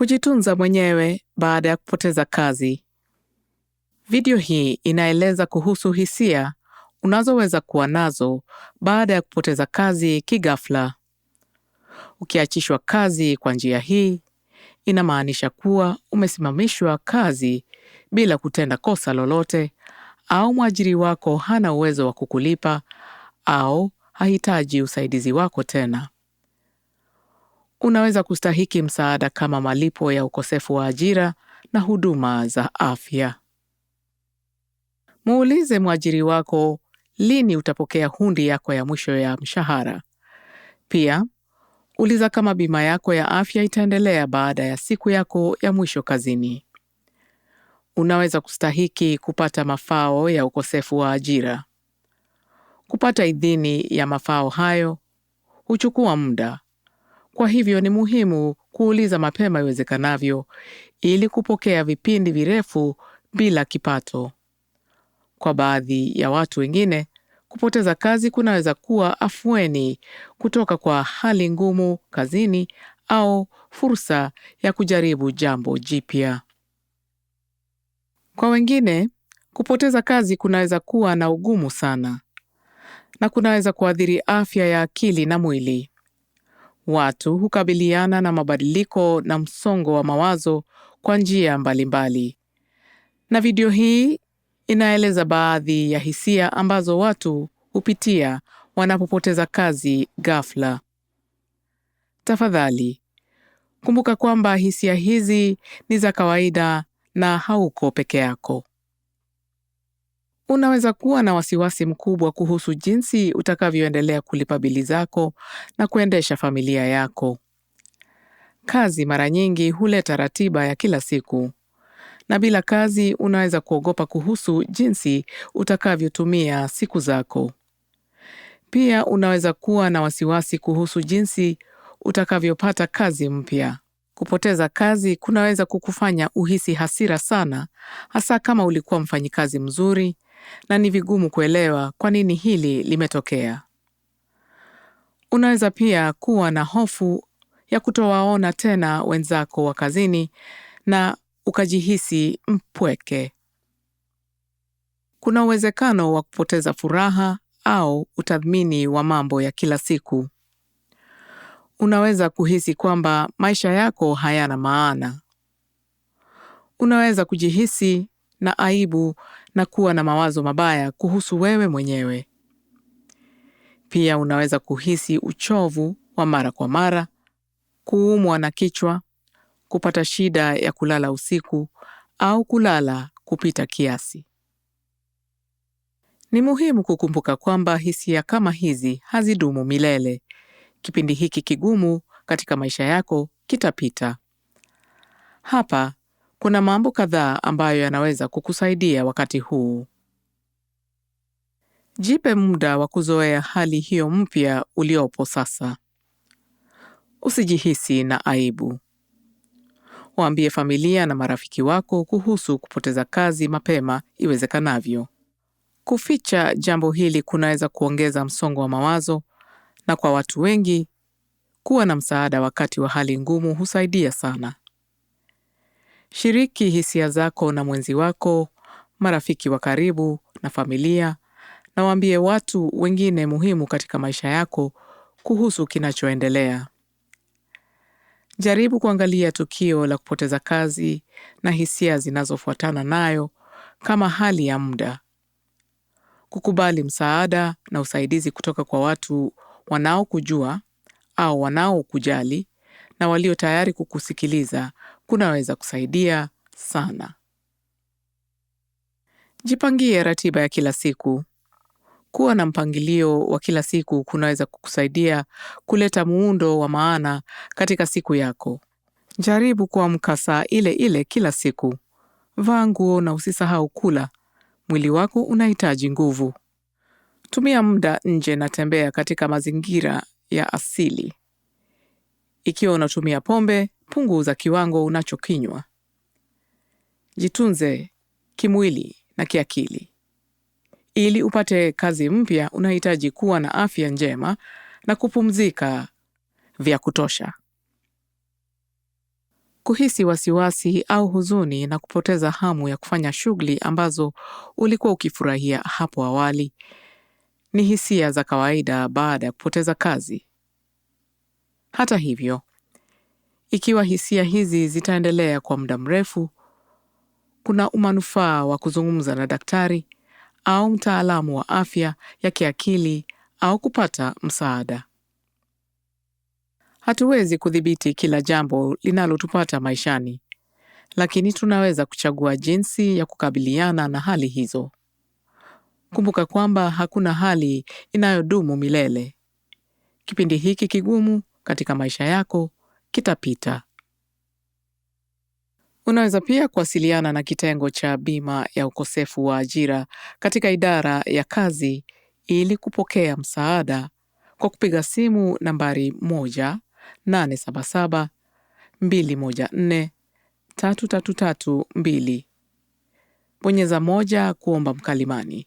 Kujitunza mwenyewe baada ya kupoteza kazi. Video hii inaeleza kuhusu hisia unazoweza kuwa nazo baada ya kupoteza kazi kighafla. Ukiachishwa kazi kwa njia hii, inamaanisha kuwa umesimamishwa kazi bila kutenda kosa lolote, au mwajiri wako hana uwezo wa kukulipa au hahitaji usaidizi wako tena unaweza kustahiki msaada kama malipo ya ukosefu wa ajira na huduma za afya. Muulize mwajiri wako lini utapokea hundi yako ya mwisho ya mshahara. Pia uliza kama bima yako ya afya itaendelea baada ya siku yako ya mwisho kazini. Unaweza kustahiki kupata mafao ya ukosefu wa ajira. Kupata idhini ya mafao hayo huchukua muda kwa hivyo ni muhimu kuuliza mapema iwezekanavyo ili kupokea vipindi virefu bila kipato. Kwa baadhi ya watu wengine, kupoteza kazi kunaweza kuwa afueni kutoka kwa hali ngumu kazini au fursa ya kujaribu jambo jipya. Kwa wengine, kupoteza kazi kunaweza kuwa na ugumu sana na kunaweza kuathiri afya ya akili na mwili. Watu hukabiliana na mabadiliko na msongo wa mawazo kwa njia mbalimbali, na video hii inaeleza baadhi ya hisia ambazo watu hupitia wanapopoteza kazi ghafla. Tafadhali kumbuka kwamba hisia hizi ni za kawaida na hauko peke yako. Unaweza kuwa na wasiwasi mkubwa kuhusu jinsi utakavyoendelea kulipa bili zako na kuendesha familia yako. Kazi mara nyingi huleta ratiba ya kila siku, na bila kazi unaweza kuogopa kuhusu jinsi utakavyotumia siku zako. Pia unaweza kuwa na wasiwasi kuhusu jinsi utakavyopata kazi mpya. Kupoteza kazi kunaweza kukufanya uhisi hasira sana, hasa kama ulikuwa mfanyikazi mzuri na ni vigumu kuelewa kwa nini hili limetokea. Unaweza pia kuwa na hofu ya kutowaona tena wenzako wa kazini na ukajihisi mpweke. Kuna uwezekano wa kupoteza furaha au utathmini wa mambo ya kila siku. Unaweza kuhisi kwamba maisha yako hayana maana. Unaweza kujihisi na aibu na kuwa na mawazo mabaya kuhusu wewe mwenyewe. Pia unaweza kuhisi uchovu wa mara kwa mara, kuumwa na kichwa, kupata shida ya kulala usiku au kulala kupita kiasi. Ni muhimu kukumbuka kwamba hisia kama hizi hazidumu milele. Kipindi hiki kigumu katika maisha yako kitapita. Hapa kuna mambo kadhaa ambayo yanaweza kukusaidia wakati huu. Jipe muda wa kuzoea hali hiyo mpya uliopo sasa. Usijihisi na aibu. Waambie familia na marafiki wako kuhusu kupoteza kazi mapema iwezekanavyo. Kuficha jambo hili kunaweza kuongeza msongo wa mawazo, na kwa watu wengi, kuwa na msaada wakati wa hali ngumu husaidia sana. Shiriki hisia zako na mwenzi wako, marafiki wa karibu na familia, na waambie watu wengine muhimu katika maisha yako kuhusu kinachoendelea. Jaribu kuangalia tukio la kupoteza kazi na hisia zinazofuatana nayo kama hali ya muda. Kukubali msaada na usaidizi kutoka kwa watu wanaokujua au wanaokujali na walio tayari kukusikiliza kunaweza kusaidia sana. Jipangie ratiba ya kila siku. Kuwa na mpangilio wa kila siku kunaweza kukusaidia kuleta muundo wa maana katika siku yako. Jaribu kuamka saa ile ile kila siku. Vaa nguo na usisahau kula. Mwili wako unahitaji nguvu. Tumia muda nje na tembea katika mazingira ya asili. Ikiwa unatumia pombe, punguza kiwango unachokinywa. Jitunze kimwili na kiakili. Ili upate kazi mpya, unahitaji kuwa na afya njema na kupumzika vya kutosha. Kuhisi wasiwasi au huzuni na kupoteza hamu ya kufanya shughuli ambazo ulikuwa ukifurahia hapo awali ni hisia za kawaida baada ya kupoteza kazi. Hata hivyo, ikiwa hisia hizi zitaendelea kwa muda mrefu, kuna umanufaa wa kuzungumza na daktari au mtaalamu wa afya ya kiakili au kupata msaada. Hatuwezi kudhibiti kila jambo linalotupata maishani, lakini tunaweza kuchagua jinsi ya kukabiliana na hali hizo. Kumbuka kwamba hakuna hali inayodumu milele. Kipindi hiki kigumu katika maisha yako kitapita. Unaweza pia kuwasiliana na kitengo cha bima ya ukosefu wa ajira katika idara ya kazi ili kupokea msaada kwa kupiga simu nambari 1-877 214 Bonyeza moja kuomba mkalimani.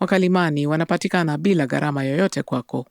Wakalimani wanapatikana bila gharama yoyote kwako.